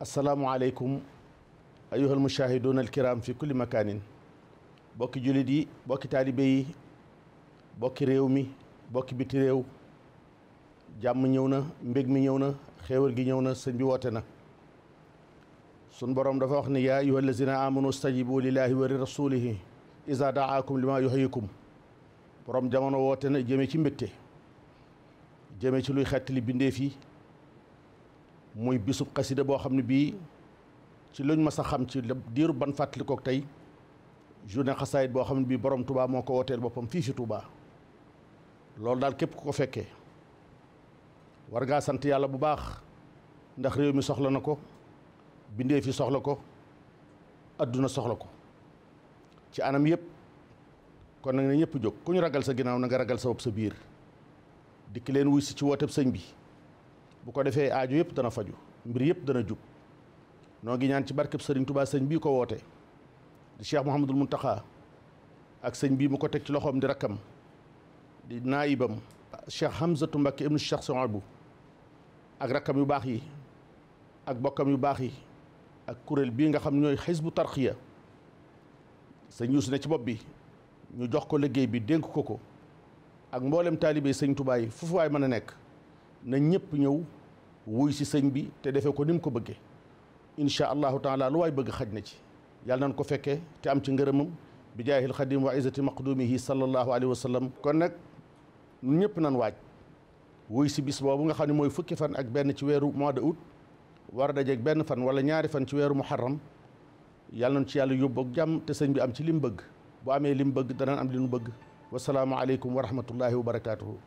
asalaamualeykum ayuha almushahiduuna alkiram fi kulli makaanin bokki jullit yi bokki taalibe yi bokki réew mi bokki biti réew jàmm ñëw na mbég mi ñëw na xéewal gi ñëw na sëñ bi woote na sun borom dafa wax ne yaa ayuha allazina amanu stajibu lillahi wa li rasulihi isa daakum lima yuhyikum borom jamono woote na jëme ci mbégte jëme ci luy xettali bindéef yi muy bisub xasida boo xam ne bii ci luñ mas a xam ci diiru ban fàttalikook tey journée xasaayit boo xam ne bii borom Touba moo ko wooteel boppam fii ci Touba loolu daal képp ku ko fekkee war sant yàlla bu baax ndax réew mi soxla na ko bindee fi soxla ko adduna soxla ko ci anam yëpp kon nag na ñëpp jóg ku ñu ragal sa ginnaaw na nga ragal sa bopp sa biir dikki leen wuy si ci wooteb sëñ bi bu ko defee aajo yëpp dana faju mbir yëpp dana jub noo gi ñaan ci barkeb sëriñ tubaa sëñ bii ko woote di cheikh Mouhamadul Mountakha ak sëñ bii mu ko teg ci loxoom di rakkam di naayibam cheikh Hamzatu Mbakke ibnu cheikh Souhaïbou ak rakkam yu baax yi ak bokkam yu baax yi ak kuréel bii nga xam ñooy xisbu tarxiya sëñ Yuusu ne ci bopp bi ñu jox ko liggéey bi dénk ko ko ak mboolem taalibe sëñ Tuubaa yi foofu waay mën a nekk na ñëpp ñëw wuy si sëñ bi te defee ko ni mu ko bëggee incha allahu taala lu waay bëgg xaj na ci yàlla nañ ko fekkee te am ci ngërëmam bi jaahil xadim wa izati maqdumihi sallallahu alayhi wa sallam kon nag ñëpp nan waaj wuy si bis boobu nga xam ne mooy fukki fan ak benn ci weeru mois de août war a dajeeg benn fan wala ñaari fan ci weeru muharram yàlla nañ ci yàlla yóbbu ak jàmm te sëñ bi am ci li mu bëgg bu amee li mu bëgg danañ am li mu bëgg wasalaamualeykum wa rahmatullahi wa barakaatuhu